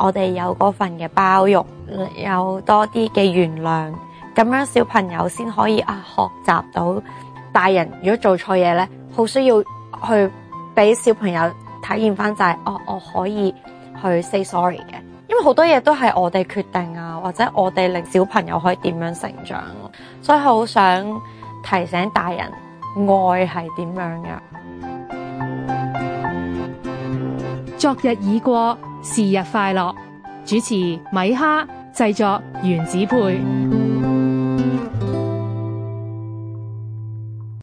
我哋有嗰份嘅包容，有多啲嘅原諒，咁樣小朋友先可以啊學習到大人，如果做錯嘢咧，好需要去俾小朋友體驗翻就係、是、哦，我可以去 say sorry 嘅。因為好多嘢都係我哋決定啊，或者我哋令小朋友可以點樣成長咯，所以好想提醒大人愛是怎，愛係點樣嘅。昨日已過。是日快樂，主持米哈，製作原子配。